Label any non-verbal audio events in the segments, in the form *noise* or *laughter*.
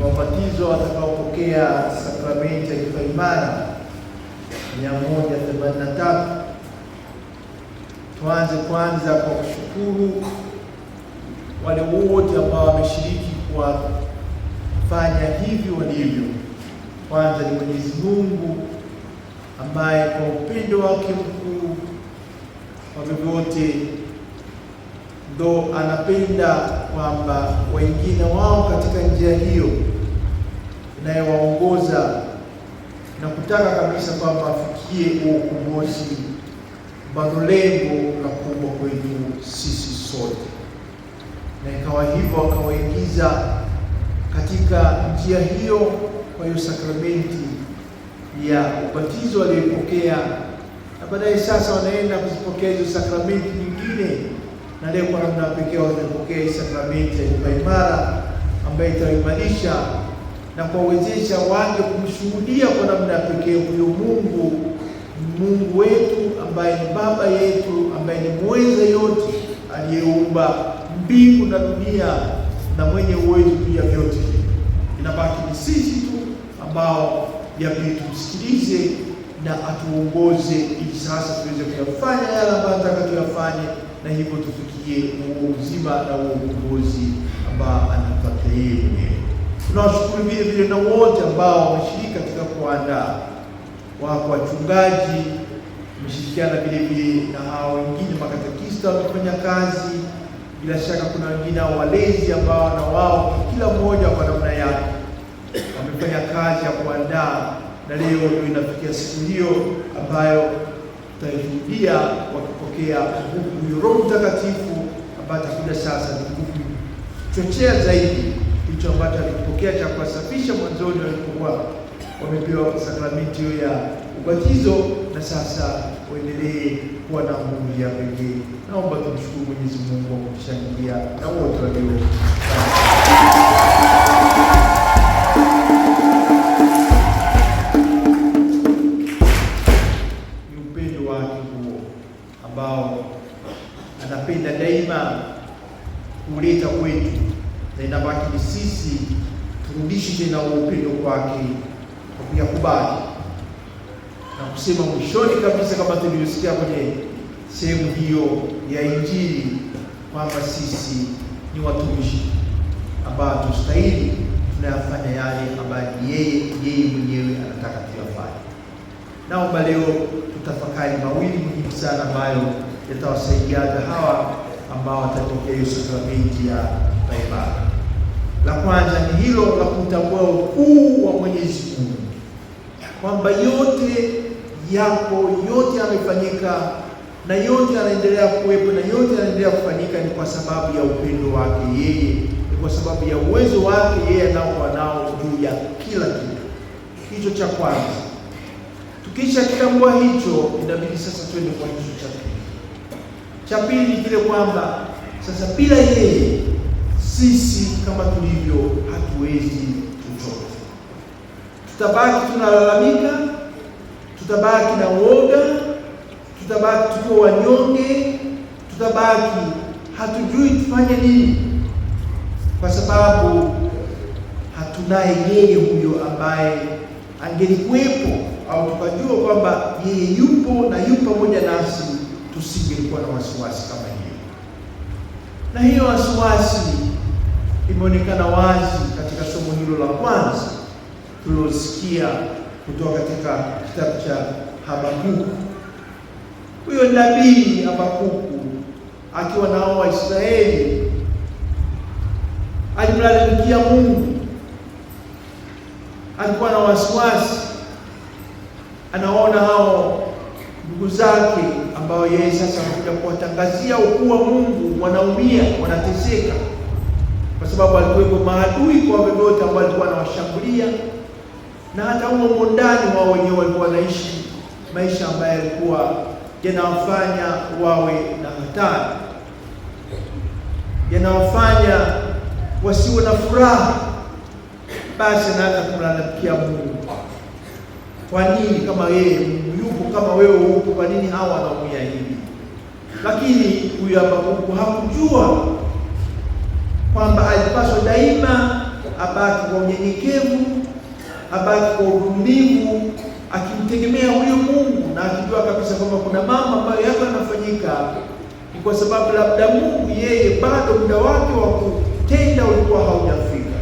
ni wabatizo watakaopokea sakramenti ya kipaimara mia moja themanini na tatu. Tuanze kwanza kwa kushukuru wale wote ambao wameshiriki kuwafanya hivi walivyo. Kwanza ni Mwenyezi Mungu ambaye kwa upendo wake mkuu kwa vyovyote ndo anapenda kwamba wengine wao katika njia hiyo inayowaongoza na kutaka kabisa kwamba afikie huo ukombozi ambalo lengo la kubwa kwetu sisi sote, na ikawa hivyo akawaingiza katika njia hiyo. Kwa hiyo sakramenti ya ubatizo walioipokea, na baadaye sasa wanaenda kuzipokea hizo sakramenti nyingine na leo kwa namna pekee wamepokea sakramenti ya nyumba imara ambayo itaimanisha na kuwawezesha wange kumshuhudia kwa namna pekee huyo Mungu, Mungu wetu ambaye ni baba yetu, ambaye ni mweza yote, aliyeumba mbingu na dunia na mwenye uwezo pia vyote. Inabaki ni sisi tu ambao yabidi tumsikilize na atuongoze, ili sasa tuweze kuyafanya yale ambayo anataka tuyafanye na hivyo tufikie huo uzima na huo ukombozi ambao anataka yeye mwenyewe. Tunawashukuru vile vile na wote ambao wameshiriki katika kuandaa, wako wachungaji meshirikiana vile vile na hao wengine, makatekista wamefanya kazi, bila shaka kuna wengine walezi ambao na wao kila mmoja kwa namna yake wamefanya kazi ya kuandaa, na leo ndio inafikia siku hiyo ambayo tutashuhudia kupokea huyu Roho Mtakatifu ambaye atakuja sasa ni kuchochea zaidi hicho ambacho alikipokea cha kuwasafisha mwanzoni walipokuwa wamepewa sakramenti hiyo ya ubatizo, na sasa waendelee kuwa na nguvu ya pekee. Naomba tumshukuru Mwenyezi Mungu kwa kutushangilia na wote walio kuleta kwetu, na inabaki ni sisi turudishe tena upendo kwake kwa kuyakubali na kusema mwishoni kabisa, kama tulivyosikia kwenye sehemu hiyo ya Injili kwamba sisi ni watumishi ambao tustahili tunayafanya yale ambayo yeye yeye mwenyewe anataka tuyafanye. Naomba leo tutafakari mawili muhimu sana ambayo yatawasaidia hawa ambao watapokea hiyo sakramenti ya ibada. La kwanza ni hilo la kumtambua ukuu wa Mwenyezi Mungu, kwamba yote yako yote yamefanyika na yote yanaendelea kuwepo na yote yanaendelea kufanyika ni kwa sababu ya upendo wake yeye, ni kwa sababu ya uwezo wake yeye anaokuwa nao juu ya kila kitu. Hicho cha kwanza, tukisha kitambua hicho, inabidi sasa twende kwa hicho cha cha pili kile kwamba sasa bila yeye sisi kama tulivyo hatuwezi chochote, tutabaki tunalalamika, tutabaki na woga, tutabaki tukiwa wanyonge, tutabaki hatujui tufanye nini, kwa sababu hatunaye yeye huyo ambaye angelikuwepo au tukajua kwamba yeye yupo na yupo pamoja nasi tusingekuwa na wasiwasi kama hiyo, na hiyo wasiwasi imeonekana wazi katika somo hilo la kwanza tulilosikia kutoka katika kitabu cha Habakuku. Huyo nabii Habakuku akiwa nao Waisraeli alimlalamikia Mungu, alikuwa na wasiwasi, anaona hao ndugu zake ambao yeye sasa anakuja kuwatangazia ukuu wa Mungu. Wanaumia, wanateseka kwa sababu alikuwepo maadui kwa wote ambao alikuwa anawashambulia, na hata huo mondani wao wenyewe walikuwa wanaishi maisha ambayo yalikuwa yanawafanya wawe na hatari, yanawafanya wasiwe na furaha. Basi anaanza kumlalamikia Mungu, kwa nini kama yeye kama wewe upo, kwa nini hawa wanaumia hivi? Lakini huyu hapa hakujua kwamba alipaswa daima abaki kwa unyenyekevu, abaki kwa uvumilivu, akimtegemea huyo Mungu na akijua kabisa kwamba kuna mambo ambayo yako yanafanyika ni kwa sababu labda Mungu yeye bado muda wake wa kutenda ulikuwa haujafika,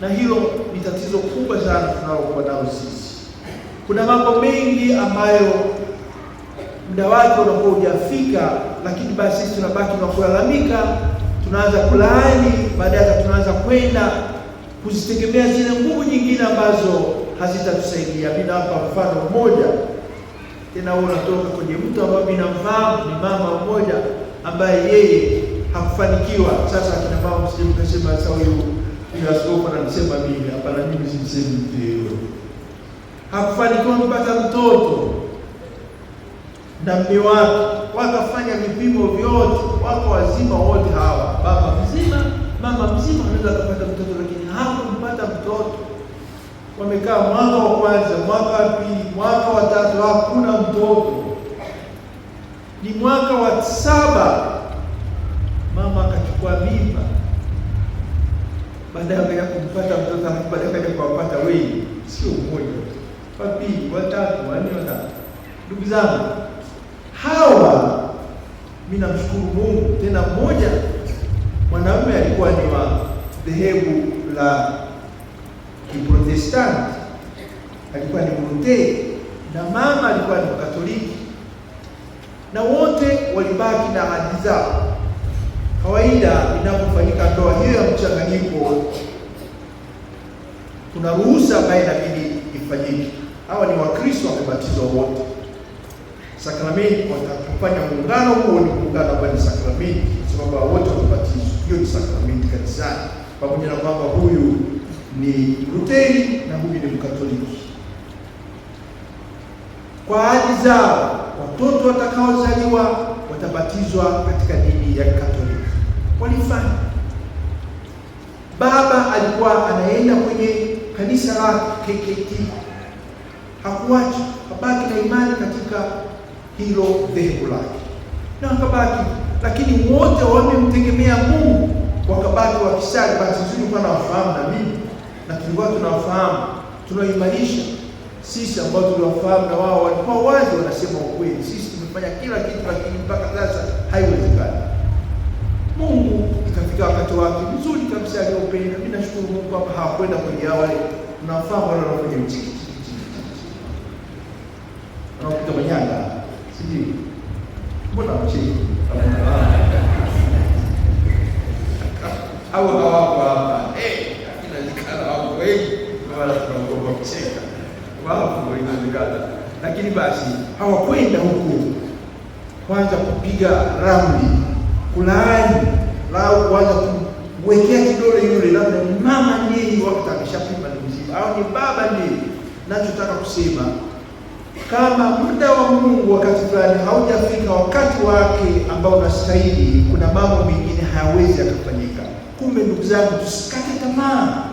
na hilo ni tatizo kubwa sana tunalokuwa nalo sisi. Kuna mambo mengi ambayo muda wake unakuwa hujafika, lakini basi sisi tunabaki na kulalamika, tunaanza kulaani, baadaye hata tunaanza kwenda kuzitegemea zile nguvu nyingine ambazo hazitatusaidia. Mimi nawapa mfano mmoja tena, huo unatoka kwenye mtu ambaye mimi namfahamu, ni mama mmoja ambaye yeye hakufanikiwa. Sasa akina mama msije mkasema sasa huyu ni askofu anamsema mimi, hapana, mimi simsemi mtu yeyote hakufanikiwa kupata mtoto na mme wake, wakafanya vipimo vyote, wako wazima wote hawa, baba mzima, mama mzima, anaweza akapata mtoto, lakini hakumpata mtoto. Wamekaa mwaka wa kwanza, mwaka wa pili, mwaka wa tatu, hakuna mtoto. Ni mwaka wa saba mama akachukua mimba, baada ya kumpata mtoto, baada ya kuwapata wengi, sio mmoja wa pili, watatu, wa watatu. Ndugu zangu hawa, mimi namshukuru Mungu. Tena mmoja mwanamume alikuwa ni wa dhehebu la Kiprotestanti, alikuwa ni Mlutheri, na mama alikuwa ni Katoliki, na wote walibaki na ahadi zao. Kawaida inapofanyika ndoa hiyo ya mchanganyiko, kuna ruhusa baina ya bibi ifanyike. Hawa ni Wakristo wamebatizwa wote. Sakramenti watakufanya muungano huo ni kuungana kwa ni sakramenti, sababu wote wamebatizwa. Hiyo ni sakramenti kanisani, pamoja na kwamba huyu ni mruteri na huyu ni Mkatoliki. Kwa ahadi zao, watoto watakaozaliwa watabatizwa katika dini ya Katoliki. Walifanya baba alikuwa anaenda kwenye kanisa la KKT hakuwacha habaki na imani katika hilo dhehebu lake na wakabaki lakini wote wamemtegemea Mungu wakabaki wakisali. Basi sisi tulikuwa nawafahamu na mimi na tulikuwa tunawafahamu, tunaimarisha sisi ambao tuliwafahamu na wao walikuwa wazi wanasema ukweli, sisi tumefanya kila kitu, lakini mpaka sasa haiwezekani. Mungu ikafika wakati wake mzuri kabisa aliyopenda. Mimi nashukuru Mungu kwamba hawakwenda kwenye wale nafahamu wale wanaofanya mchikiki wanaopika manyanga, sijui mbona mchiki au hawako hapa eh, eh, lakini basi hawakwenda huku kwanza kupiga ramli kulaai kusema kama muda wa Mungu wakati fulani haujafika wakati wake ambao unastahili, kuna mambo mengine hayawezi yakafanyika. Kumbe ndugu zangu, tusikate tamaa,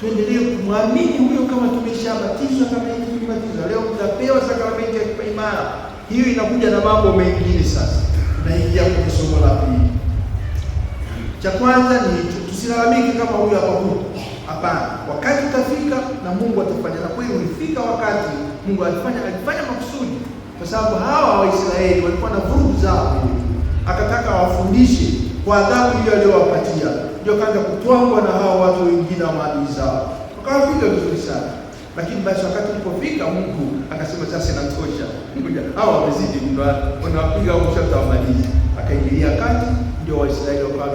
tuendelee kumwamini huyo. Kama tumeshabatizwa kama hivi tulibatizwa, leo mtapewa sakramenti ya kipaimara. Hiyo inakuja na mambo mengine. Sasa tunaingia kwenye somo la pili. Cha kwanza ni tusilalamike kama huyo hapo Hapana, wakati utafika na Mungu atafanya, na kweli ulifika wakati Mungu alifanya, alifanya makusudi, kwa sababu hawa Waisraeli walikuwa na vurugu zao, akataka awafundishe kwa adhabu hiyo aliyowapatia, ndio kaanza kutwangwa na hawa watu wengine wa maadui zao, wakawapiga vizuri sana. Lakini basi wakati ulipofika Mungu akasema sasa inatosha, ngoja hawa wamezidi, wanawapiga au Akaingilia kati, ndio Waisraeli wakawa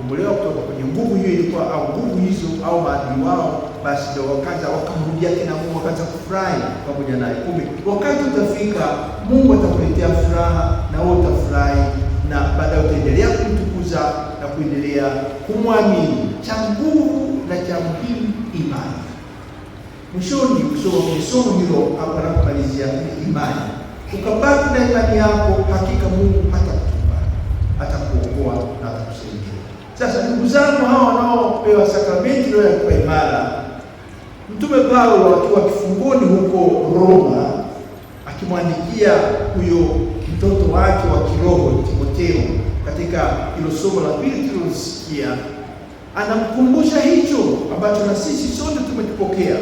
kukombolewa kutoka kwenye nguvu hiyo ilikuwa au nguvu hizo au maadui wao, basi ndio wakaanza wakamrudia tena Mungu, wakaanza kufurahi pamoja naye. Kumbe wakati utafika, Mungu atakuletea furaha na wewe utafurahi, na baadaye utaendelea kumtukuza na kuendelea kumwamini. Cha nguvu na cha muhimu imani. Mwishoni kusoma kwenye somo hilo hapo anapomalizia imani, ukabaki na imani yako, hakika Mungu hatakutupa, hatakuokoa sasa ndugu zangu, hao wanaopewa sakramenti ya imara Mtume Paulo akiwa kifungoni huko Roma akimwandikia huyo mtoto wake wa kiroho Timotheo, katika hilo somo la pili tulilosikia, anamkumbusha hicho ambacho na sisi sote tumekipokea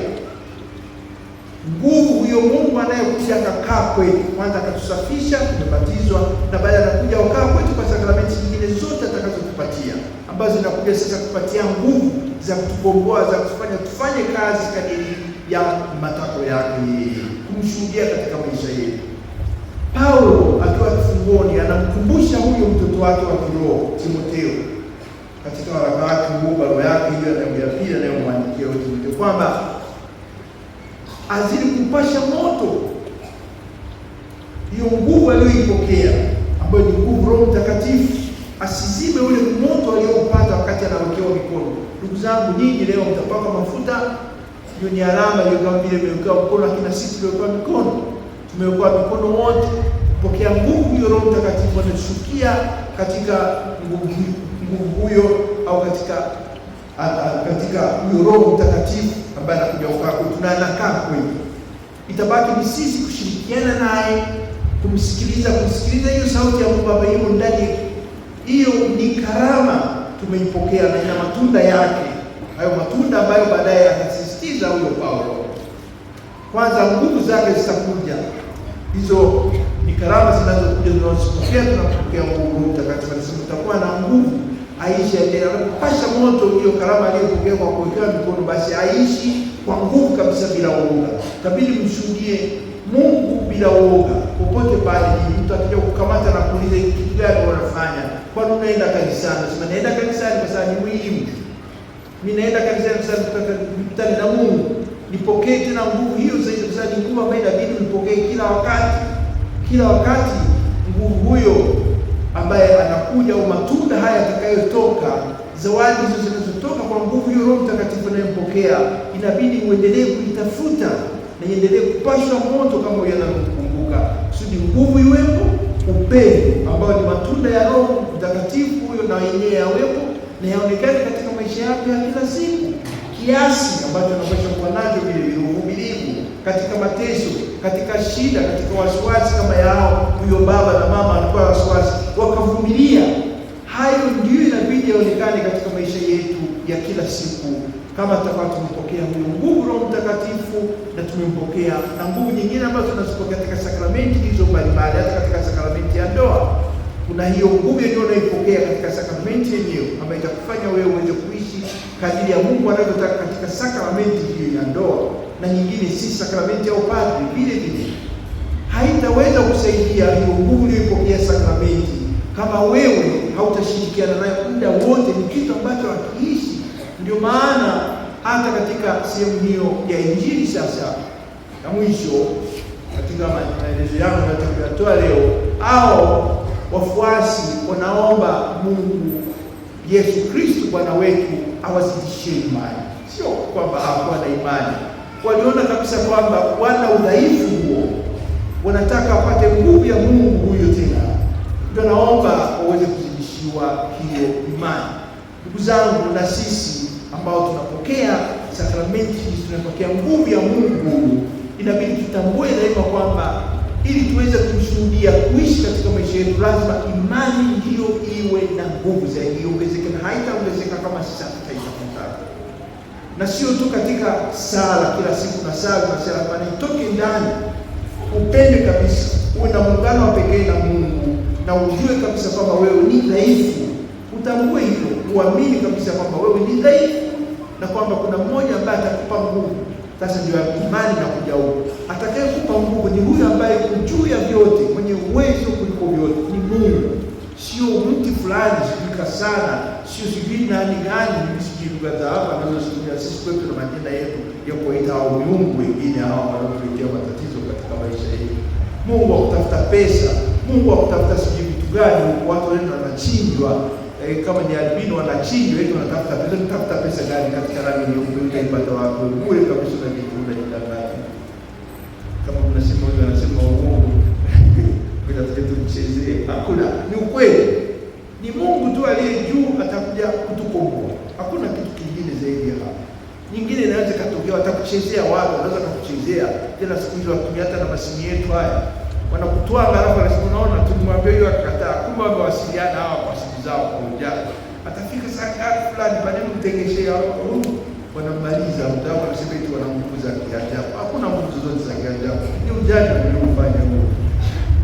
nguvu huyo Mungu anayekuja akakaa kwetu, kwanza akatusafisha, tumebatizwa, na ya kuja ukaa kwetu kwa sakramenti nyingine zote atakazotupatia ambazo zinakuja sasa kupatia nguvu za kutukomboa, za kufanya tufanye kazi kadiri ya matako yake yeye, kumshuhudia katika maisha yetu. Paulo akiwa kifungoni anamkumbusha huyo mtoto wake wa kiroho Timotheo katika waraka wake barua yake hiyo ya pili anayomwandikia Timotheo kwamba azidi kupasha moto hiyo nguvu aliyoipokea ambayo ni nguvu Roho Mtakatifu asizime ule moto aliyoupata wakati anawekewa mikono. Ndugu zangu, nyinyi leo mtapakwa mafuta, hiyo ni alama hiyo, kama vile imewekewa mkono, lakini sisi tumewekewa mikono, tumewekewa mikono wote kupokea nguvu hiyo. Roho Mtakatifu anatushukia katika nguvu huyo, au katika katika huyo Roho Mtakatifu ambaye anakuja kukaa kwetu na anakaa kwetu. Itabaki ni sisi kushirikiana naye, kumsikiliza, kumsikiliza hiyo sauti ya Mungu ambayo ndani hiyo ni karama tumeipokea na ina matunda yake, hayo matunda ambayo baadaye atasisitiza huyo Paulo. Kwanza nguvu zake zitakuja, hizo ni karama zinazokuja, tunazipokea, tunapokea nguvu Mtakatifu, anasema utakuwa na nguvu aishi endelea kupasha moto hiyo karama aliyopokea kwa kuwekewa mikono, basi aishi kwa nguvu kabisa bila uoga. Tabidi mshuhudie Mungu bila uoga popote pale. Mtu akija kukamata na kuuliza kitu gani wanafanya kwani unaenda kanisani? Sema naenda kanisani kwa sababu ni muhimu. Mimi naenda kanisani kwa sababu nikutane na Mungu, nipokee tena nguvu hiyo zaidi, kwa sababu nguvu ambayo inabidi nipokee kila wakati, kila wakati nguvu huyo ambaye anakuja, au matunda haya yatakayotoka, zawadi hizo zinazotoka kwa nguvu hiyo Roho Mtakatifu anayempokea, inabidi uendelee kuitafuta na iendelee kupashwa moto kama yanakukumbuka, kusudi nguvu iwepo upendo ambao ni matunda ya Roho Mtakatifu huyo, na yenyewe yawepo na yaonekane katika maisha yako ya kila siku, kiasi ambacho anapaswa kuwa nacho vile vile uvumilivu katika mateso, katika shida, katika wasiwasi kama yao huyo baba na mama alikuwa wasiwasi, wakavumilia. Hayo ndiyo inabidi yaonekane katika maisha yetu ya kila siku kama tutakuwa tumepokea huyo nguvu Roho Mtakatifu na tumempokea na nguvu nyingine ambazo tunazipokea katika sakramenti hizo mbalimbali, hata katika sakramenti ya ndoa kuna hiyo nguvu yenyewe unaipokea katika sakramenti yenyewe ambayo itakufanya wewe uweze kuishi kadiri ya Mungu anavyotaka katika sakramenti hiyo ya ndoa na nyingine, si sakramenti ya upadri vile vile haitaweza kusaidia hiyo nguvu uliyoipokea sakramenti kama wewe hautashirikiana nayo muda wote. Ni kitu ambacho hakiishi ndio maana hata katika sehemu hiyo ya injili sasa ya mwisho, katika maelezo yangu natakayatoa leo, au wafuasi wanaomba Mungu Yesu Kristo Bwana wetu awazidishie imani. Sio kwamba hawakuwa na imani, waliona kabisa kwamba wana udhaifu huo, wanataka wapate nguvu ya Mungu huyo tena, ndio naomba waweze kuzidishiwa hiyo imani. Ndugu zangu, na sisi ambao tunapokea sakramenti, tunapokea nguvu ya Mungu, inabidi tutambue daima kwamba ili tuweze kumshuhudia kuishi katika maisha yetu, lazima imani ndiyo iwe na nguvu zaidi, iongezeke na haitaongezeka kama sisi hatutaitafuta. Na sio tu katika sala, kila siku na sala na sala, bali itoke ndani, upende kabisa, uwe na muungano wa pekee na Mungu na ujue kabisa kwamba wewe ni dhaifu, utambue hilo, uamini kabisa kwamba wewe ni dhaifu na kwamba kuna mmoja ambaye atakupa nguvu. Sasa ndio imani na kuja huko, atakayekupa nguvu ni huyo ambaye juu ya vyote, mwenye uwezo kuliko vyote ni Mungu, sio mtu fulani sijika sana, sio sijui nani gani, sijui lugha za hapa anazozitumia sisi kwetu na majina yetu ya kuwaita au miungu wengine hawa wanaotuletea matatizo katika maisha yetu. Mungu akutafuta pesa, Mungu akutafuta sijui vitu gani, watu wanaenda wanachinjwa eh, kama ni albino wanachinjwa, eti wanatafuta pesa. Tafuta pesa gani katika rangi nyeupe? Utaipata wapi? Kule kabisa, unajidanganya. Kama mnasema huyu anasema uongo, kwenda *laughs* tetu tumchezee. Hakuna, ni ukweli, ni Mungu tu aliye juu atakuja kutukomboa. Hakuna kitu kingine zaidi ya hapo. Nyingine inaweza katokea, watakuchezea watu, wanaweza kukuchezea tena. Siku hizo hata na masimu yetu haya wanakutwanga, alafu zao kwa ujao. Atafika saa fulani baadaye mtengeshea roho wanamaliza mtao wanasema eti wana nguvu za kiajabu. Hakuna nguvu zozote za kiajabu. Ni ujanja uliofanya huo.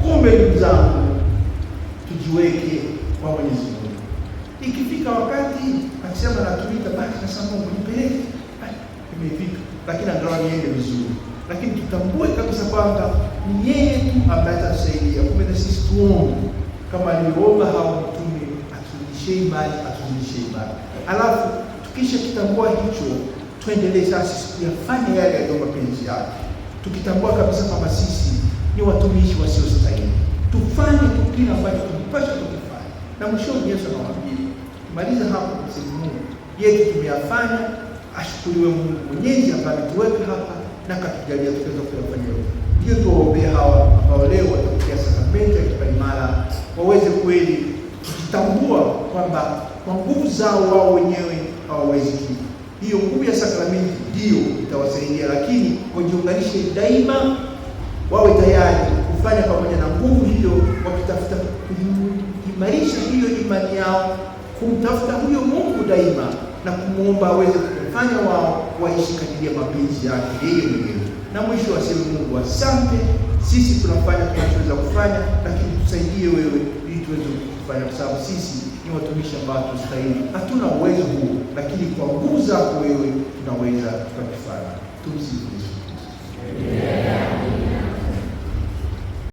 Kumbe ndugu tujiweke kwa Mwenyezi Mungu. Ikifika wakati akisema natumika, basi sasa Mungu nipeleke. Imefika. Lakini angalau niende vizuri. Lakini tutambue kabisa kwamba ni yeye tu ambaye atasaidia. Kumbe na sisi tuombe kama alivyoomba hao Sheiban aturudi Sheiban. Alafu tukisha kitambua hicho, tuendelee sasa kuyafanya yale yaliyo mapenzi yake, tukitambua kabisa kwamba sisi ni watumishi wasiostahili. Tufanye kile ambacho tulipaswa tukifanya, na mwishowe Yesu anawaambia tumaliza hapo, msimu Mungu yetu tumeyafanya, ashukuriwe Mungu Mwenyezi ambaye ametuweka hapa na katujalia tukiweza kuyafanya yote. Ndiyo tuwaombee hawa ambao leo watapokea sakramenti ya kipaimara waweze kweli kutambua kwamba kwa nguvu zao wao wenyewe hawawezi kitu. Hiyo nguvu ya sakramenti ndiyo itawasaidia, lakini wajiunganishe daima, wawe tayari kufanya pamoja na nguvu hiyo, wakitafuta kuimarisha hiyo imani yao, kumtafuta huyo Mungu daima na kumwomba aweze kufanya wao waishi kadiri ya mapenzi yake yeye mwenyewe, na mwisho aseme Mungu, asante, sisi tunafanya tunachoweza kufanya, lakini tusaidie wewe tuweze kufanya, kwa sababu sisi ni watumishi ambao tunastahili, hatuna uwezo huo, lakini kwa nguvu zako wewe tunaweza tukakifanya. Tumsifu Yesu.